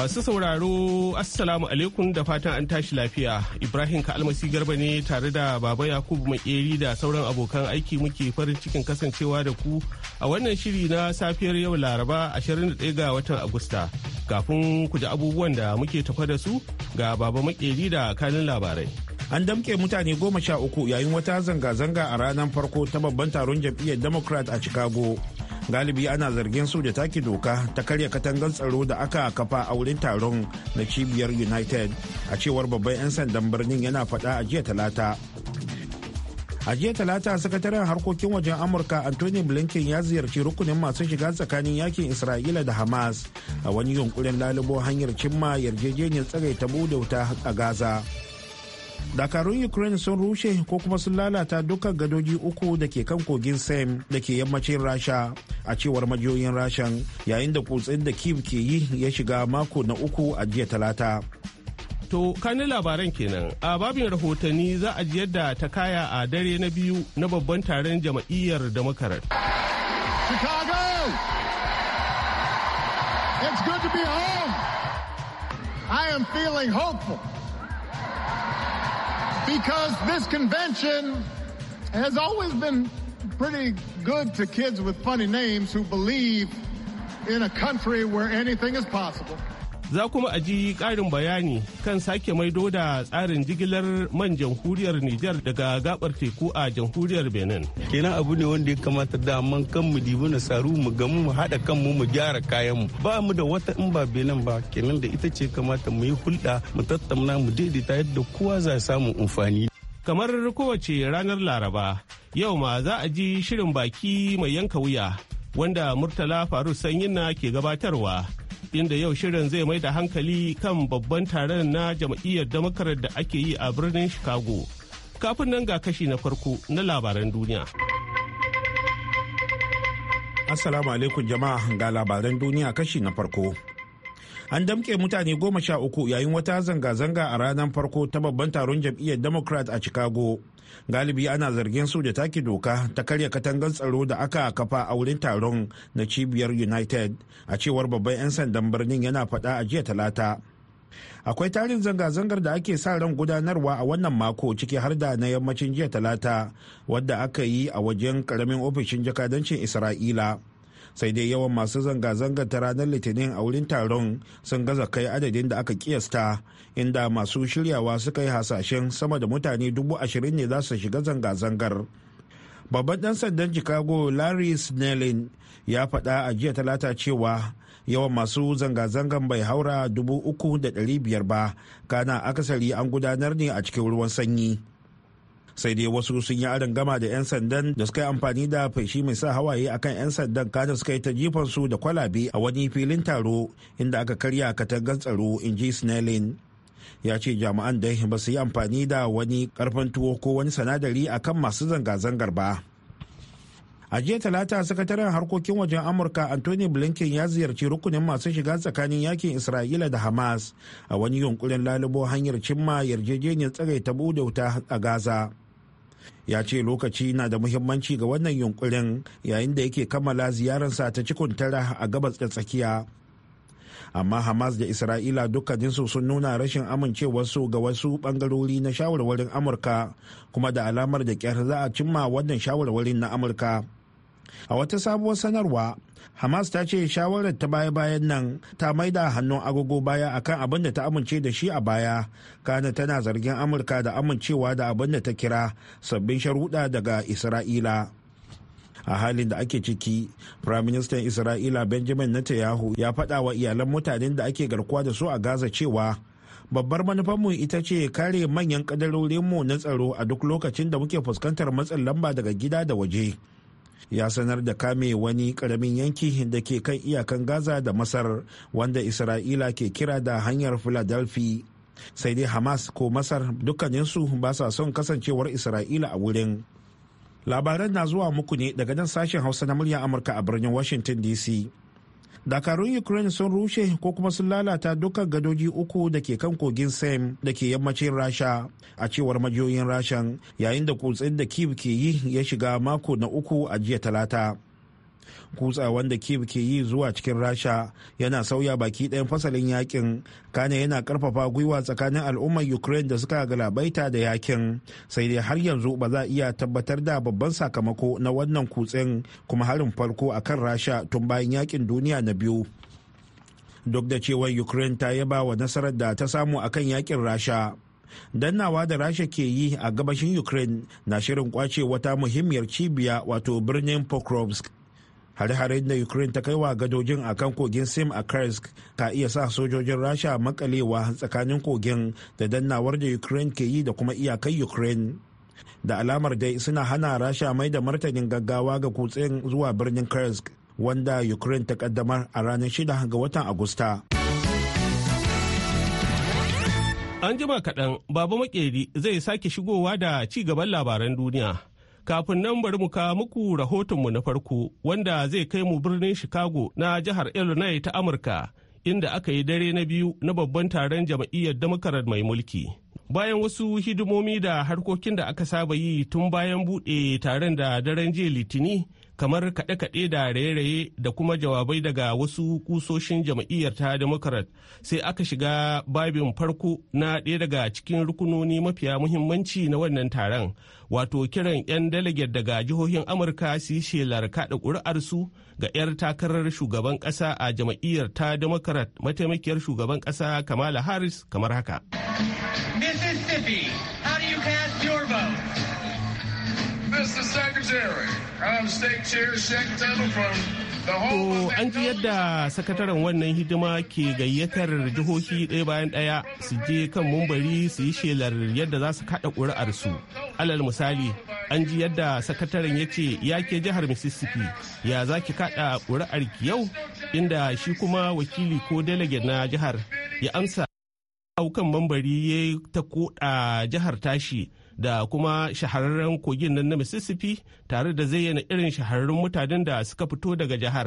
Masu sauraro Assalamu alaikum da fatan an tashi lafiya. Ibrahim ka almasi Garba ne tare da Baba Yakubu Makeri da sauran abokan aiki muke farin cikin kasancewa da ku a wannan shiri na safiyar yau Laraba 21 ga watan Agusta. Kafin ku ji abubuwan da muke tafa da su ga Baba Makeri da kanin labarai. An damke mutane goma sha uku yayin wata zanga-zanga a ranar farko ta babban taron jam'iyyar Democrat a Chicago. galibi ana zargin su da take doka ta karya katangar tsaro da aka kafa a wurin taron na cibiyar united a cewar babban 'yan sandan birnin yana fada a jiya talata a jiya talata sakataren harkokin wajen amurka anthony blinken ya ziyarci rukunin masu shiga tsakanin yakin isra'ila da hamas a wani yunkurin lalubo hanyar cimma yarjejeniyar tsagaita bude wuta a gaza dakarun ukraine sun rushe ko kuma sun lalata dukkan gadoji uku da ke kan kogin sam da ke yammacin rasha a cewar majiyoyin rashan yayin da kutsin da kiev ke yi ya shiga mako na uku a jiya talata to kanin labaran kenan a babin rahotanni za a jiyar da ta kaya a dare na biyu na babban taron jama'iyyar da makarar i am feeling hopeful because this convention has always been pretty good to kids with funny names who believe in a country where anything is possible. za kuma a ji ƙarin bayani kan sake maido da tsarin jigilar man jamhuriyar Nijar daga gabar teku a jamhuriyar Benin. Kenan abu ne wanda ya kamata da man kan mu na saru mu gamu mu haɗa kanmu mu gyara kayanmu. Ba mu da wata in ba Benin ba kenan da ita ce kamata mu yi hulɗa mu tattauna mu daidaita yadda kowa za samu amfani. Kamar kowace ranar Laraba, yau ma za a ji shirin baki mai yanka wuya wanda Murtala Faru Sanyina ke gabatarwa. inda yau shirin zai mai da hankali kan babban taron na jam'iyyar damakarar da ake yi a birnin chicago kafin nan ga kashi na farko na labaran duniya assalamu alaikum jama'a ga labaran duniya kashi na farko an damke mutane goma sha uku yayin wata zanga-zanga a ranar farko ta babban taron jam'iyyar democrat a chicago galibi ana zargin su da take doka ta karya katangar tsaro da aka kafa a wurin taron na cibiyar united a cewar babban 'yan sandan birnin yana faɗa a jiya talata akwai tarin zanga-zangar da ake sa ran gudanarwa a wannan mako ciki har da na yammacin jiya talata wadda aka yi a wajen karamin ofishin jakadancin isra'ila sai dai yawan masu zanga-zanga ta ranar litinin a wurin taron sun gaza kai adadin da aka kiyasta inda masu shiryawa suka yi hasashen sama da mutane dubu ashirin ne za su shiga zanga-zangar babban dan sandan chicago larry snellin ya faɗa a jiya talata cewa yawan masu zanga-zangan bai haura dubu uku da ɗari biyar ba kana akasari an gudanar ne a cikin ruwan sanyi sai dai wasu sun yi aron gama da 'yan sandan da suka yi amfani da feshi mai sa hawaye akan 'yan sandan kada suka yi ta jifan su da kwalabe a wani filin taro inda aka karya katangar tsaro in ji snelling ya ce jami'an da ba su yi amfani da wani karfin tuwo ko wani sanadari akan masu zanga-zangar ba a jiya talata sakataren harkokin wajen amurka anthony blinken ya ziyarci rukunin masu shiga tsakanin yakin isra'ila da hamas a wani yunkurin lalubo hanyar cimma yarjejeniyar tsagaita bude wuta a gaza ya ce lokaci na da muhimmanci ga wannan yunkurin yayin da yake kammala ziyararsa ta cikin tara a gabas da tsakiya amma hamas da isra'ila dukkaninsu sun nuna rashin amincewarsu ga wasu bangarori na shawarwarin amurka kuma da alamar da kyar za a cimma wannan shawarwarin na amurka a wata sabuwar sanarwa hamas ta ce shawarar ta baya-bayan nan ta maida hannun agogo baya akan abin da ta amince da shi a baya kana tana zargin amurka da amincewa da abin da ta kira sabbin sharuɗa daga isra'ila a halin da ake ciki firaministan isra'ila benjamin netanyahu ya faɗa wa iyalan mutanen da ake garkuwa da su a gaza cewa babbar manufarmu ita ce kare manyan kadarorinmu na tsaro a duk lokacin da muke fuskantar matsin lamba daga gida da waje ya sanar da kame wani karamin yanki da ke kan iyakan gaza da masar wanda isra'ila ke kira da hanyar philadelphia sai dai hamas ko masar dukkaninsu ba sa son kasancewar isra'ila a wurin labaran na zuwa muku ne daga nan sashen hausa na murya amurka a birnin washington dc dakarun ukraine sun rushe ko kuma sun lalata dukkan gadoji uku da ke kan kogin sem da ke yammacin rasha a cewar majiyoyin rashan yayin da kutsin da kiv ke yi ya shiga mako na uku a jiya talata kutsa wanda kiev ke yi zuwa cikin rasha yana sauya baki ɗayan fasalin yakin kane yana karfafa gwiwa tsakanin al'ummar ukraine da suka galabaita da yakin sai dai har yanzu ba za a iya tabbatar da babban sakamako na wannan kutsen kuma harin farko akan rasha tun bayan yakin duniya na biyu duk da cewa ukraine ta yaba wa nasarar da ta samu akan yakin rasha dannawa da rasha ke yi a gabashin ukraine na shirin kwace wata muhimmiyar cibiya wato birnin pokrovsk hare hare da ukraine ta kai wa gadojin a kan kogin sim a kursk ka iya sa sojojin rasha makalewa tsakanin kogin da dannawar da ukraine ke yi da kuma iyakai ukraine da alamar dai suna hana rasha mai da martanin gaggawa ga kutsen zuwa birnin kursk wanda ukraine ta kaddamar a ranar 6 ga watan agusta an jima kaɗan babu makeri zai sake shigowa da ci gaban labaran duniya Kafin nan bari mu kawo muku rahotonmu na farko wanda zai kai mu birnin Chicago na jihar Illinois ta Amurka inda aka yi dare na biyu na babban taron jam'iyyar Democrat mai mulki. Bayan wasu hidimomi da harkokin da aka saba yi tun bayan buɗe taron da daren jiya Litini kamar kaɗe-kaɗe da raye-raye da kuma jawabai daga wasu kusoshin jam'iyyar ta democrat sai aka shiga babin farko na ɗaya daga cikin rukunoni mafiya muhimmanci na wannan taron wato kiran 'yan delegate daga jihohin amurka su yi shelar kaɗa ƙuri'arsu ga 'yar takarar shugaban ƙasa a jam'iyyar ta democrat mataimakiyar shugaban ƙasa kamala harris kamar haka mississippi how do you cast To an ji yadda sakataren wannan hidima ke gayyatar jihohi ɗaya bayan ɗaya su je kan mumbari su yi shelar yadda za su kaɗa ƙuri'arsu. Alal misali, an ji yadda sakataren ya ce ya ke jihar Mississippi ya za ki kaɗa ƙuri'ar ki yau inda shi kuma wakili ko dalage na jihar ya amsa Aukan mambari ya ta koɗa jihar tashi da kuma shahararren kogin nan na Mississippi tare da zayyana irin shahararrun mutanen da suka fito daga jihar.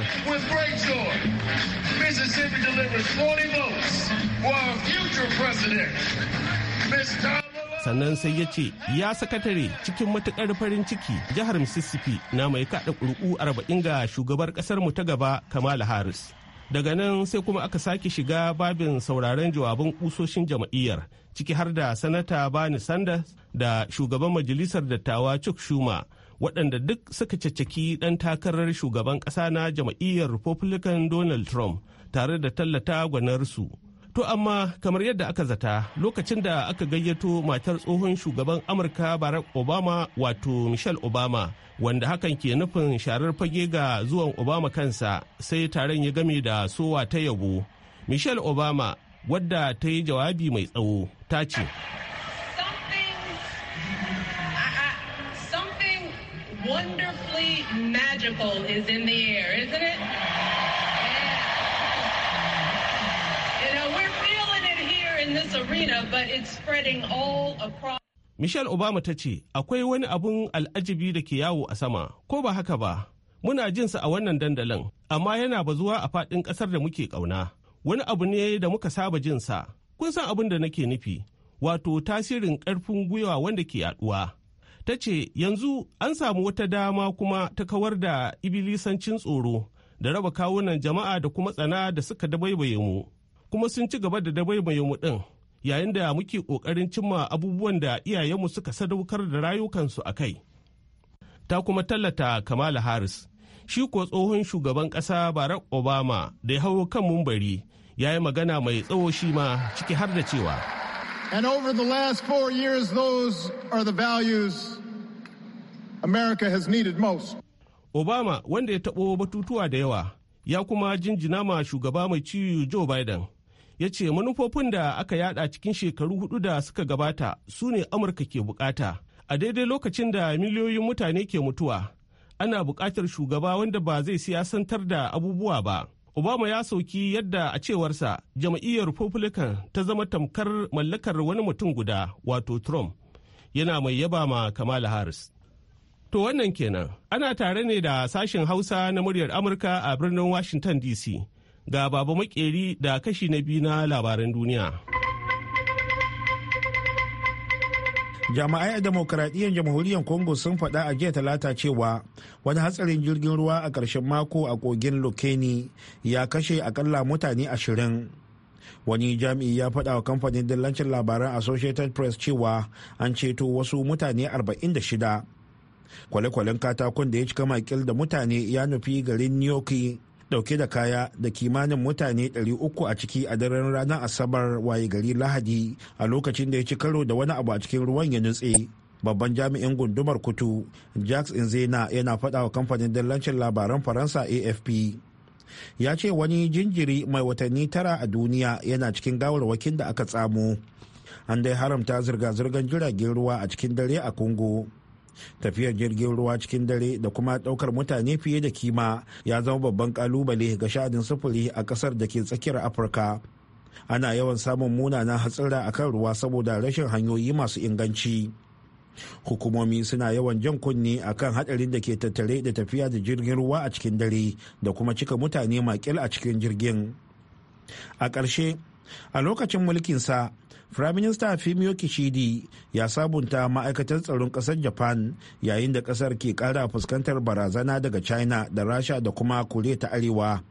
Sannan sai ya ce, ya sakatare cikin matukar farin ciki jihar Mississippi na mai kaɗa ƙuri'u arba'in ga shugabar mu ta gaba Kamala Harris. daga nan sai kuma aka sake shiga babin sauraron jawabin kusoshin jam'iyyar ciki har da sanata bani sanda da shugaban majalisar dattawa chuck schumer waɗanda duk suka caccaki ɗan takarar shugaban ƙasa na jam'iyyar republican donald trump tare da tallata gwanarsu To amma kamar yadda aka zata lokacin da aka gayyato matar tsohon shugaban Amurka Barack Obama wato Michelle Obama wanda hakan ke nufin sharar fage ga zuwan obama kansa sai taron ya game da sowa ta yabo michelle obama wadda ta yi jawabi mai tsawo ta uh, uh, wonderfully magical is in the air, isn't it? You know, we're feeling it here in this arena, but it's spreading all across. michelle obama ta ce akwai wani abun al'ajibi da ke yawo a sama ko ba haka ba muna jinsa a wannan dandalin amma yana bazuwa a faɗin ƙasar da muke ƙauna wani abu ne da muka saba jinsa kun san abin da nake nufi wato tasirin ƙarfin gwiwa wanda ke yaduwa ta ce yanzu an samu wata dama kuma ta kawar da ibilisancin tsoro da raba kawunan jama'a da kuma tsana da suka dabaibaye mu kuma sun ci gaba da dabaibaye mu ɗin yayin da muke ƙoƙarin cimma abubuwan da iyayenmu suka sadaukar da rayukansu a kai. Ta kuma tallata Kamala Harris, shi ko tsohon shugaban ƙasa Barack Obama da ya hau kan mumbari ya yi magana mai tsawo shi ma ciki har da cewa. And over the last four years, those are the values America has needed most. Obama wanda ya taɓo batutuwa da yawa ya kuma jinjina ma shugaba mai ciwo Joe Biden ya ce manufofin da aka yada cikin shekaru hudu da suka gabata su ne amurka ke bukata a daidai lokacin da miliyoyin mutane ke mutuwa ana bukatar shugaba wanda ba zai siyasantar da abubuwa ba obama ya sauki yadda a cewarsa jam'iyyar republican ta zama tamkar mallakar wani mutum guda wato trump yana mai yaba ma kamala harris to wannan kenan ana tare ne da sashen hausa na muryar amurka a birnin washington dc ga baba makeri da kashi na biyu na labaran duniya. jama'ai a demokaradiyyar jamhuriyar congo sun faɗa a jiya talata cewa wani hatsarin jirgin ruwa a ƙarshen mako a kogin lokeni ya kashe akalla mutane ashirin wani jami'i ya faɗa wa kamfanin dillancin labaran associated press cewa an ceto wasu mutane 46 kwale-kwalen katakon da ya cika makil da mutane ya nufi garin nyoki dauke da kaya da kimanin mutane 300 a ciki a daren ranar asabar waye gari lahadi a lokacin da ya ci karo da wani abu a cikin ruwan ya nutse babban jami'in gundumar kutu jacques inzena yana faɗa wa kamfanin dallancin labaran faransa afp ya ce wani jinjiri mai watanni tara a duniya yana cikin gawarwakin da aka tsamo an dai haramta zirga-zirgar jiragen ruwa a cikin dare a congo tafiyar jirgin ruwa cikin dare da kuma daukar mutane fiye da kima ya zama babban kalubale ga sha'adin sufuri a ƙasar da ke tsakiyar afirka ana yawan samun munanan hatsira a kan ruwa saboda rashin hanyoyi masu inganci hukumomi suna yawan jan kunni kan hadarin da ke tattare da tafiya da jirgin ruwa a cikin dare da kuma cika mutane makil a cikin jirgin a ƙarshe a lokacin mulkinsa Firaminista Fumio Kishidi ya sabunta ma'aikatar tsaron ƙasar Japan yayin da kasar ke kara fuskantar barazana daga China da Rasha da kuma Koriya ta Arewa.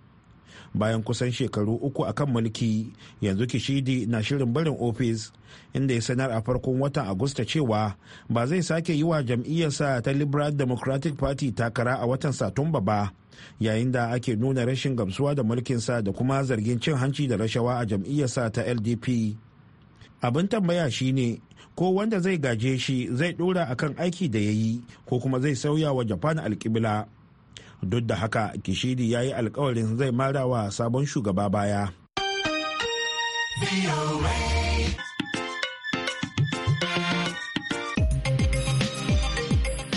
Bayan kusan shekaru uku akan mulki, yanzu Kishidi na shirin barin ofis, inda ya sanar a farkon watan Agusta cewa ba zai sake yi wa jam'iyyarsa ta Liberal Democratic Party takara a watan Satumba ba, yayin da ake nuna rashin gamsuwa da mulkinsa da kuma zargin cin hanci da rashawa a jam'iyyarsa ta LDP. abin tambaya shine ko wanda zai gaje shi zai dora akan aiki da ya yi ko kuma zai sauya wa japan alkibila duk da haka kishidi ya yi alkawarin zai mara wa sabon shugaba baya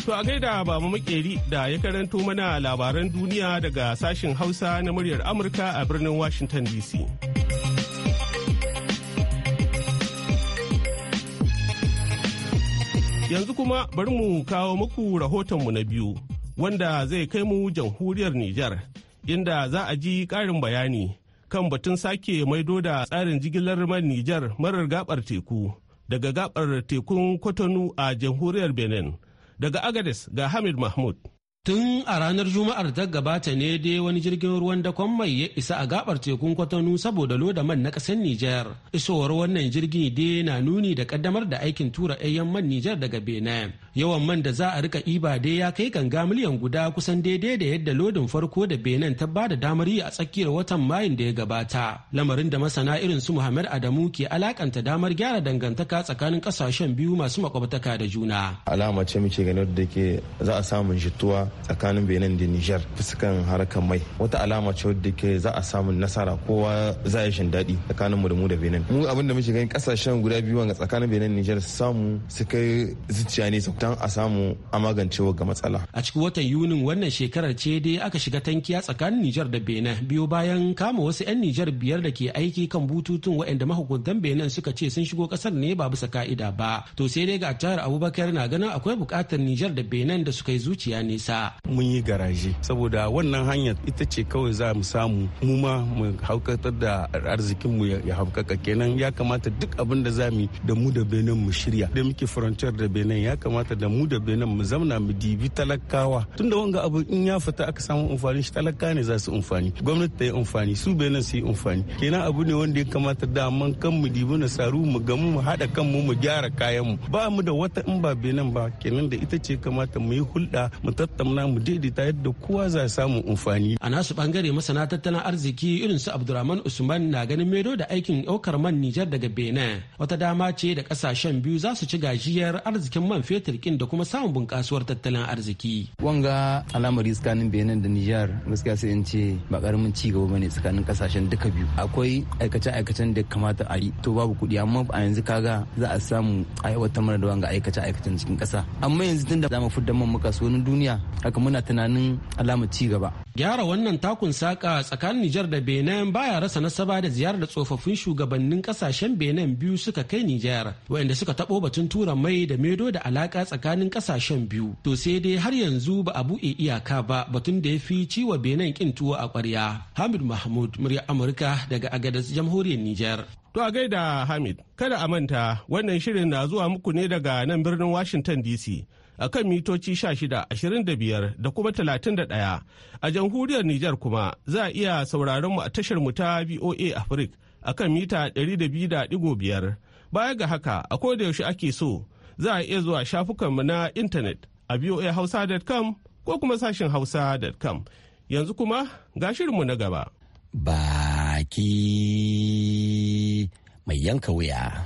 To a gaida Baba Makeri da ya karanto mana labaran duniya daga sashen Hausa na muryar Amurka a birnin Washington DC. Yanzu kuma bari mu kawo muku rahotonmu na biyu wanda zai kai mu jamhuriyar Nijar inda za a ji ƙarin bayani kan batun sake maido da tsarin jigilar man Nijar marar gabar teku daga gabar tekun Kotonu a jamhuriyar Benin. Daga Agades ga Hamid Mahmud. Tun a ranar Juma'ar ta gabata ne dai wani jirgin ruwan dakon mai ya isa a gabar tekun kwatanu saboda loda man na kasar Nijar. Isowar wannan jirgin dai na nuni da kaddamar da aikin tura ayyan man Nijar daga Benin. Yawan man da za a rika iba dai ya kai ganga miliyan guda kusan daidai da yadda lodin farko da Benin ta ba da damar yi a tsakiyar watan mayin da ya gabata. Lamarin da masana irin su Muhammad Adamu ke alakanta damar gyara dangantaka tsakanin ƙasashen biyu masu makwabtaka da juna. Alama ce muke ganin da ke za a samu jituwa tsakanin benin da nijar fuskan harkar mai wata alama ce wadda ke za a samu nasara kowa za yi shin daɗi tsakanin mu da mu da benin mu abinda muke gani kasashen guda biyu ga tsakanin benin da niger samu su kai zuciya ne don a samu a magance ga matsala a cikin watan yunin wannan shekarar ce dai aka shiga tankiya tsakanin nijar da benin biyo bayan kama wasu 'yan nijar biyar da ke aiki kan bututun waɗanda mahukuntan benin suka ce sun shigo kasar ne ba bisa ka'ida ba to sai dai ga jihar abubakar na ganin akwai bukatar nijar da benin da suka yi zuciya nesa mun yi garaje saboda wannan hanya ita ce kawai za mu samu mu ma mu haukatar da arzikin mu ya haukaka kenan ya kamata duk abin da za mu da mu da benin mu shirya da muke frontier da benin ya kamata da mu da benin mu zamna mu dibi talakawa tunda wanga abu in ya fita aka samu amfani shi talaka ne za su amfani gwamnati ta yi amfani su benin su yi amfani kenan abu ne wanda ya kamata da man kan mu dibi na saru mu gamu mu haɗa kanmu mu gyara kayanmu mu ba mu da wata in ba benin ba kenan da ita ce kamata mu yi hulɗa mu tattauna na mu daidaita yadda kowa za a samu amfani. A nasu bangare masana tattalin arziki irin su Abdulrahman Usman na ganin maido da aikin ɗaukar man Nijar daga Benin wata dama ce da kasashen biyu za su ci gajiyar arzikin man fetur kin da kuma samun bunƙasuwar tattalin arziki. Wanga al'amari tsakanin Benin da Nijar gaskiya sai in ce ba karamin ci gaba bane tsakanin ƙasashen duka biyu. Akwai aikace-aikacen da kamata a yi to babu kuɗi amma a yanzu kaga za a samu aiwatar mana da wanga aikace-aikacen cikin ƙasa. Amma yanzu tunda za mu fudda man muka duniya haka muna tunanin alamar ci gaba gyara wannan takun saka tsakanin Nijar da Benin baya rasa nasaba da ziyarar da tsofaffin shugabannin kasashen Benin biyu suka kai Nijar waɗanda suka taɓo batun tura mai da medo da alaka tsakanin kasashen biyu to sai dai har yanzu ba a buɗe iyaka ba batun da ya fi ciwa Benin kin tuwo a ƙwarya Hamid Mahmud murya Amurka daga Agadez jamhuriyar Nijar To a gaida Hamid, kada a manta wannan shirin na zuwa muku ne daga nan birnin Washington DC. a kan mitoci 1625 da kuma 31 a jamhuriyar Nijar kuma za a iya sauraron mu a tashar mu ta VOA Africa a kan mita 200.5 baya ga haka a yaushe ake so za a iya zuwa shafukan shafukanmu na intanet a voahausa.com ko kuma sashin hausa.com yanzu kuma ga shirinmu na gaba. Baki mai yanka wuya.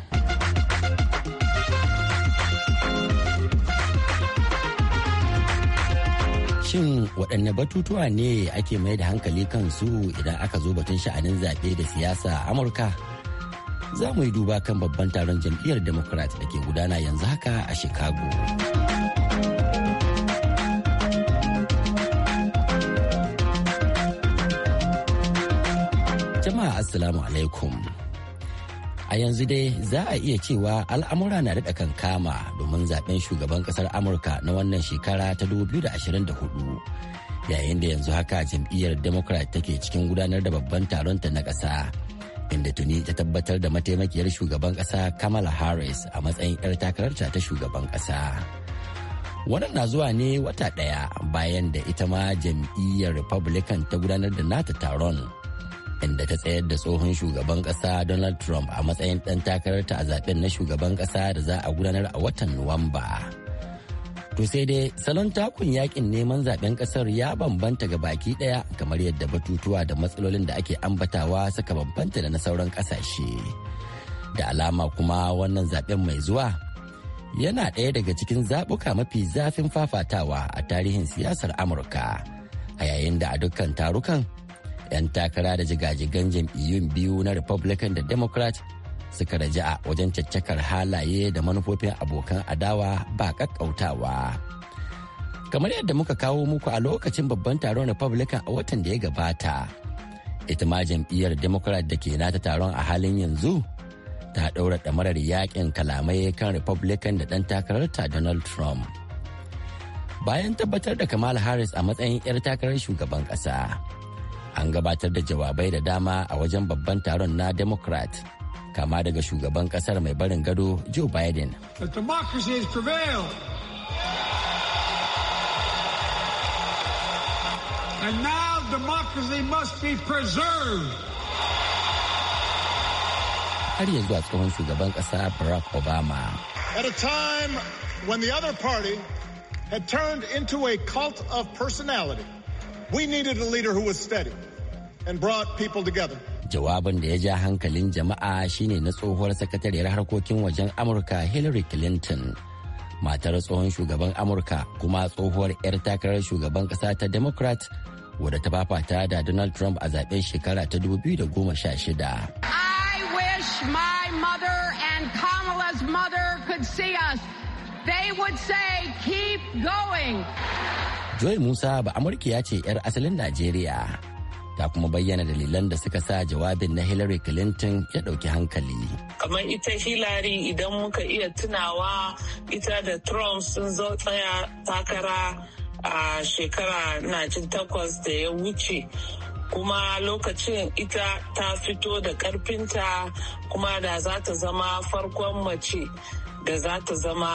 Shin waɗanne batutuwa ne ake mai da hankali su idan aka zo batun sha'anin zaɓe da siyasa a Amurka? Za mu yi duba kan babban taron jam'iyyar Democrat da ke gudana yanzu haka a Chicago. Jama'a Assalamu alaikum. a yanzu dai za a iya cewa al'amura na daɗa kama domin zaben shugaban ƙasar amurka na wannan shekara ta 2024 yayin da yanzu haka jam'iyyar democrat take cikin gudanar da babban taron ta na ƙasa inda tuni ta tabbatar da mataimakiyar shugaban ƙasa kamala harris a matsayin 'yar takararta ta shugaban ƙasa wannan na zuwa ne wata ɗaya bayan da ita ma jam'iyyar republican ta gudanar da nata taron inda ta tsayar da tsohon shugaban kasa Donald Trump a matsayin ɗan takararta a zaben na shugaban kasa da za a gudanar a watan Nuwamba. To sai dai salon takun yakin neman zaben kasar ya bambanta ga baki ɗaya kamar yadda batutuwa da matsalolin da ake ambatawa suka bambanta da na sauran ƙasashe. Da alama kuma wannan zaben mai zuwa yana ɗaya daga cikin zaɓuka mafi zafin fafatawa a tarihin siyasar Amurka. A yayin da a dukkan tarukan 'yan takara da jigajigan jam'iyyun biyu na republican da democrat suka raja'a wajen caccakar halaye da manufofin abokan adawa ba kakkautawa kamar yadda muka kawo muku a lokacin babban taron republican a watan da ya gabata ita ma jam'iyyar democrat da ke nata taron a halin yanzu ta ɗaura ɗamarar yakin kalamai kan republican da ɗan takararta donald trump bayan tabbatar da kamala harris a matsayin 'yar takarar shugaban ƙasa. an gabatar da jawabai da dama a wajen babban taron na democrat kama daga shugaban kasar mai barin gado joe biden And now democracy must be preserved. Har ya zuwa tsohon shugaban ƙasa Barack Obama. At a time when the other party had turned into a cult of personality, we needed a leader who was steady. Jawabin da ya ja hankalin jama'a shine na tsohuwar sakatariyar harkokin wajen Amurka Hillary Clinton. Matar tsohon shugaban Amurka kuma tsohuwar 'yar takarar shugaban ƙasa ta Democrat wadda ta fafata da Donald Trump a zaben shekara ta 2016. I wish my mother and Kamala's mother could see us. They would say, keep going. Joy Musa ba Amurka ya ce 'yar asalin Najeriya. ta kuma bayyana dalilan da suka sa jawabin na Hillary Clinton ya ɗauki hankali. Kamar ita Hillary idan muka iya tunawa ita da Trump sun zo tsaya takara a shekara najin takwas da ya wuce. kuma lokacin ita ta fito da karfinta kuma da za ta zama farkon mace da za ta zama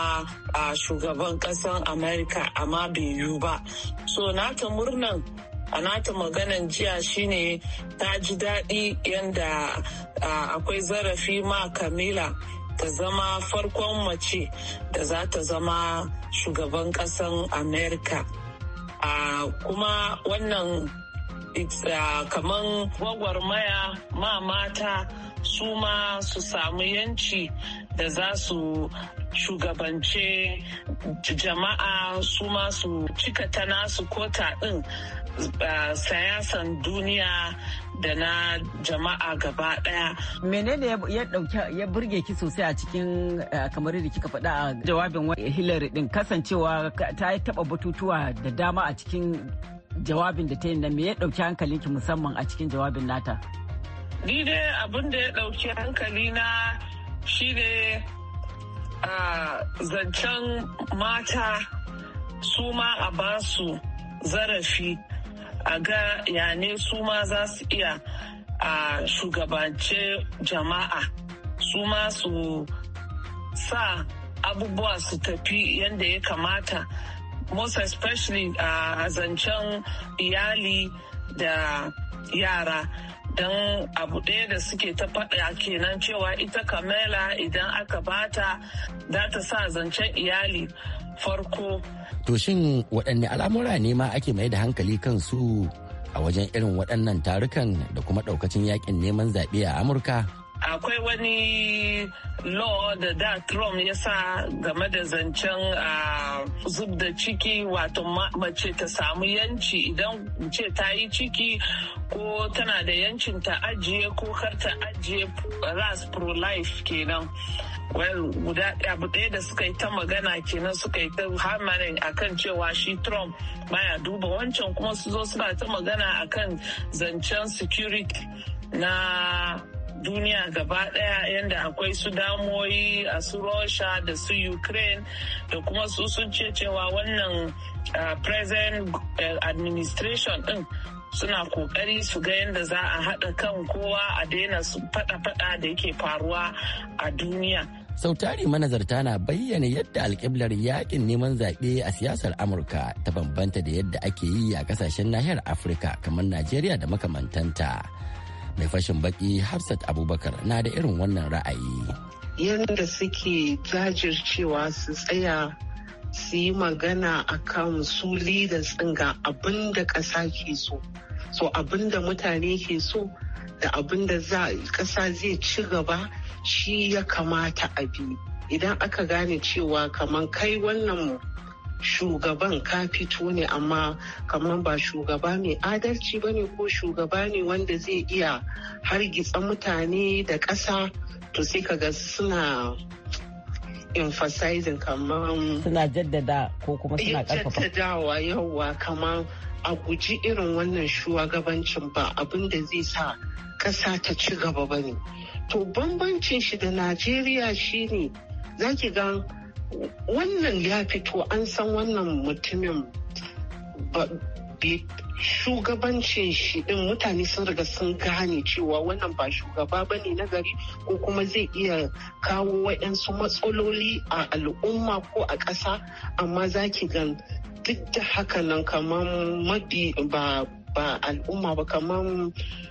a shugaban kasan amerika amma bai yiwu ba so nata murnan a nata maganan jiya shine ta ji daɗi yadda akwai zarafi ma kamila ta zama farkon mace da za ta zama shugaban ƙasan america kuma wannan kaman gwagwarmaya ma mata su ma su samu yanci da za su shugabance jama'a su ma su cika ta nasu kota ɗin Eh, sayasan duniya da na jama'a gaba daya. Menene ya dauke ya burge ki sosai a cikin eh, kamar da kika faɗa a jawabin Hillary din kasancewa ta taba batutuwa da dama a cikin jawabin da ta yi me ya dauki hankalinki musamman a cikin jawabin nata? Ni dai abin da ya dauki hankalina shine ah, zancen mata su ma a basu zarafi a ga yane su ma za su iya a shugabance jama'a su ma su sa abubuwa su tafi yadda ya kamata most especially a zancen iyali da yara don abu ɗaya da suke ta faɗa kenan cewa ita kamela idan aka bata za ta sa zancen iyali farko. To shin waɗanne al'amura ne ma ake mai da hankali kan su a wajen irin waɗannan tarukan da kuma ɗaukacin yakin neman zaɓe a Amurka? Akwai wani law da da Trump ya sa game da zancen zub da ciki wato mace ta samu yanci idan ce ta yi ciki ko tana da yancin ta ajiye ko kar ta ajiye ras pro life kenan. guda abu ɗaya da suka yi ta magana kenan suka yi ta hamarin akan cewa shi trump baya duba wancan kuma su zo suna ta magana akan zancen security na duniya gaba ɗaya yadda akwai su damoyi a su russia da su ukraine da kuma su sun ce cewa wannan uh, present eh, administration ɗin suna kokari su ga yadda za a haɗa kan kowa a daina faɗa-faɗa da yake faruwa a duniya. sautari manazarta na bayyana yadda alkiblar yakin neman zaɓe a siyasar amurka ta bambanta da yadda ake yi a ƙasashen nahiyar afirka kamar najeriya da makamantanta mai fashin baƙi hafsat abubakar na da irin wannan ra'ayi yadda suke jajircewa su tsaya su yi magana akan su leaders ɗin ga abin da ƙasa ke so so abin da mutane ke so da abin da ƙasa zai ci gaba shi ya kamata a bi idan aka gane cewa kamar kai wannan shugaban ka fito ne amma kamar ba shugaba mai adalci ba ne ko shugaba ne wanda zai iya hargitsa mutane da ƙasa to sai ka ga suna emphasizing kaman suna jaddada ko kuma suna karfafa jaddadawa yawwa kaman a guji irin wannan shugabancin ba abin da zai sa kasa ta ci gaba ba ne to bambancin shi da najeriya shine za ga wannan ya fito an san wannan mutumin shugabancin shi din mutane sun riga sun gane cewa wannan ba shugaba ba ne na gari ko kuma zai iya kawo waɗansu matsaloli a al'umma ko a ƙasa amma za ki gan duk da haka nan kamar mabi ba ba al'umma ba kamar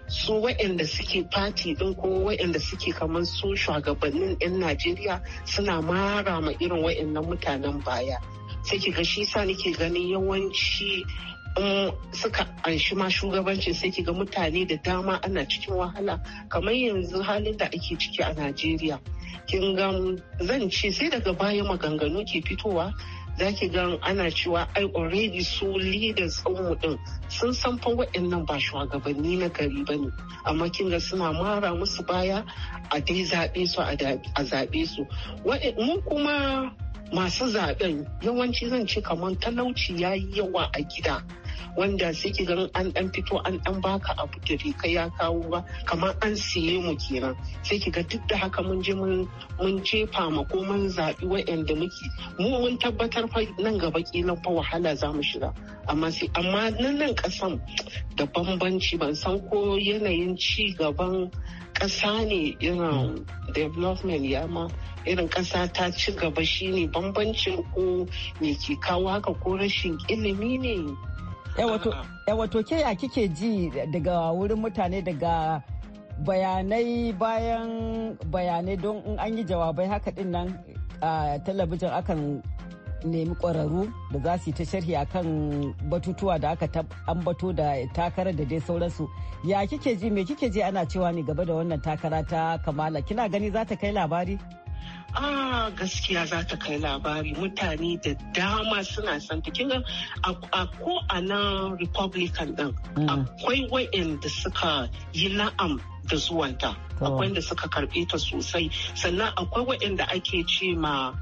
su waɗanda suke fati ɗin ko waɗanda suke kamar su shugabannin 'yan najeriya suna mara ma irin waɗannan mutanen baya sai ki ga shi sa nake ganin yawanci suka anshi ma shugabanci sai ki ga mutane da dama ana cikin wahala kamar yanzu halin da ake ciki a najeriya kin ga zan ce sai daga baya maganganu ke fitowa za ki gan ana cewa ai already su leaders mu din sun san fa waɗannan ba shugabanni na gari ba ne amma kin ga suna mara musu baya a dai zaɓe su a zaɓe su mun kuma masu zaɓen yawanci zan ce kamar talauci ya yi yawa a gida wanda sai ki an dan fito an dan baka abu da bai ya kawo ba kamar an siye mu kenan sai ki ga duk da haka mun je mun jefa ma ko mun zaɓi wa'anda muke mu mun tabbatar fa nan gaba kilan fa wahala za mu shiga amma sai amma nan nan kasan da bambanci ban san ko yanayin ci gaban ƙasa ne irin development ya ma irin ƙasa ta ci gaba shine bambancin ko me ke kawo haka ko rashin ilimi ne Yawato eh, eh, ke ya kike ji daga wurin mutane daga bayanai bayan bayanai don in an yi jawabai haka din nan a talabijin akan nemi kwararru da za su yi ta sharhi akan batutuwa da aka ambato da takara da dai sauransu ya kike ji me kike ji ana cewa ne gaba da wannan takara ta kamala kina gani za ta kai labari? a gaskiya za ta kai labari mutane da dama suna son ta kinga a ko a nan republican din mm. akwai wa'anda suka yi la'am da zuwanta akwai wanda suka karbe ta sosai sannan akwai wa'anda ake ce ma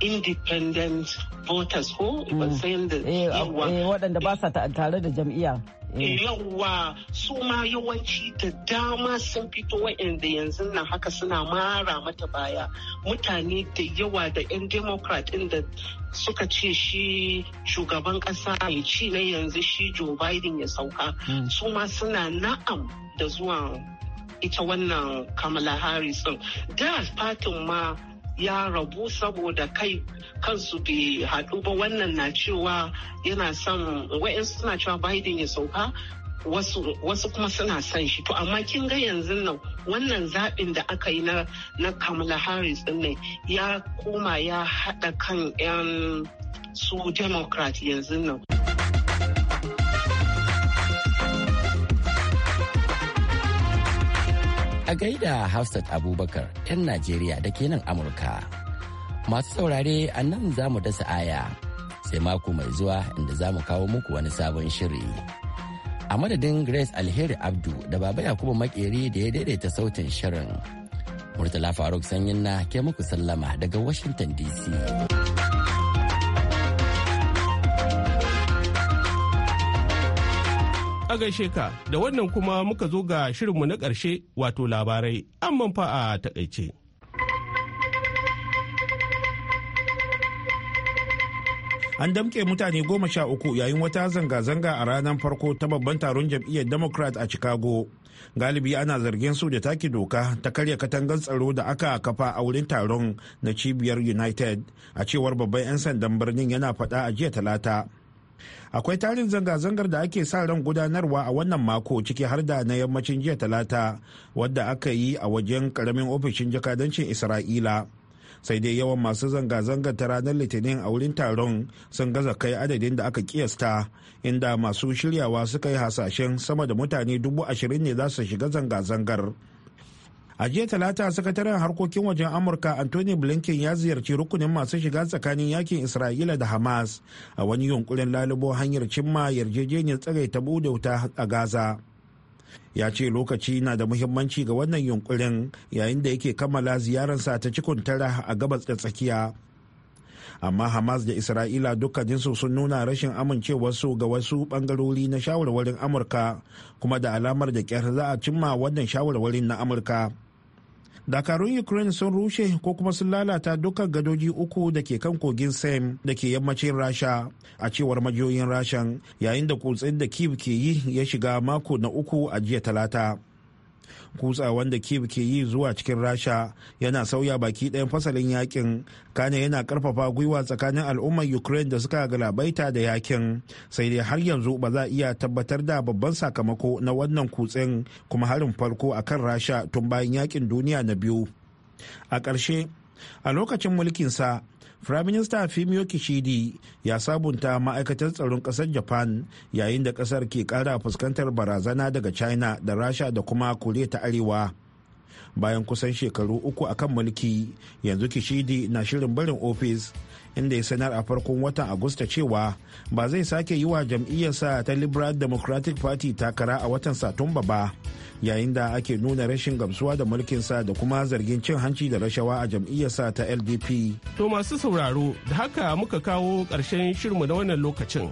independent voters ko ba mm. sayan da eh, yawa eh, waɗanda ba sa tare da jam'iyya Mm. yawwa su ma yawanci da dama sun fito wa'anda yanzu na haka suna mara mata baya mutane da yawa da 'yan democrat din da suka ce shi shugaban kasa mai ci na yanzu shi joe biden ya sauka mm. su ma suna na'am da zuwa ita wannan kamala harris da fatin ma ya rabu saboda kai kansu bai haɗu ba wannan na cewa yana son wa'in suna cewa biden ya sauka wasu, kuma suna son shi to amma kin ga yanzu nan wannan zaɓin da aka yi na, na kamala harris din ne ya koma ya haɗa kan 'yan su democrat yanzu nan. A gaida Hafsat Abubakar 'yan Najeriya da ke nan Amurka. Masu saurare a nan za mu dasa aya sai mako mai zuwa inda za mu kawo muku wani sabon shiri. A madadin Grace Alheri Abdu da Baba Yakubu Makeri da ya daidaita sautin shirin. Murtala Faruk Sanyin na ke muku sallama daga Washington DC. A gaishe ka da wannan kuma muka zo ga shirinmu na ƙarshe wato labarai an fa a takaice. An damke mutane goma sha uku yayin wata zanga-zanga a ranar farko ta babban taron jam'iyyar Democrat a Chicago. Galibi ana zargin su da take doka ta karya katangar tsaro da aka kafa a wurin taron na cibiyar United a cewar babban 'yan sandan birnin yana faɗa a jiya talata. akwai tarin zanga-zangar da ake sa ran gudanarwa a wannan mako ciki har da na yammacin jiya talata wadda aka yi a wajen karamin ofishin jakadancin isra'ila sai dai yawan masu zanga-zangar ta ranar litinin a wurin taron sun gaza kai adadin da aka kiyasta inda masu shiryawa suka yi hasashen sama da mutane dubu ashirin ne za su shiga zanga-zangar a jiya talata sakataren harkokin wajen amurka anthony blinken ya ziyarci rukunin masu shiga tsakanin yakin isra'ila da hamas a wani yunkurin lalubo hanyar cimma yarjejeniyar tsagaita bude wuta a gaza ya ce lokaci na da muhimmanci ga wannan yunkurin yayin da yake kammala ziyararsa ta cikin tara a gabas da tsakiya amma hamas da isra'ila dukkaninsu sun nuna rashin amincewarsu ga wasu bangarori na shawarwarin amurka kuma da alamar da kyar za a cimma wannan shawarwarin na amurka dakarun ukraine sun rushe ko kuma sun lalata dukkan gadoji uku da ke kan kogin sem da ke yammacin rasha a cewar majiyoyin rashan yayin da kutsen da kiv ke yi ya shiga mako na uku a jiya talata kutsa wanda kiev ke yi zuwa cikin rasha yana sauya baki ɗayan fasalin yakin kane yana karfafa gwiwa tsakanin al'ummar ukraine da suka galabaita da yakin sai dai har yanzu ba za a iya tabbatar da babban sakamako na wannan kutsen kuma harin farko a kan rasha tun bayan yakin duniya na biyu a ƙarshe a lokacin mulkinsa firaminista fumio kishidi ya sabunta ma'aikatar tsaron kasar japan yayin da kasar ke kara fuskantar barazana daga china da rasha da kuma kuriya ta arewa bayan kusan shekaru uku a kan mulki yanzu kishidi na shirin barin ofis inda ya sanar a farkon watan agusta cewa ba zai sake yi wa jam'iyyarsa ta liberal democratic party takara a watan satumba ba yayin da ake nuna rashin gamsuwa da mulkinsa da kuma zargin cin hanci da rashawa a jam'iyyarsa ta ldp to masu sauraro da haka muka kawo ƙarshen shirmu na wannan lokacin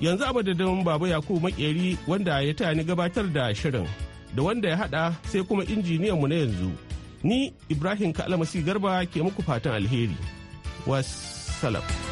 yanzu a madadin babu yakubu makeri wanda ya tani gabatar da shirin da wanda ya hada sai kuma injiniyan mu na yanzu ni ibrahim kalamasi garba ke muku fatan alheri wasu salam.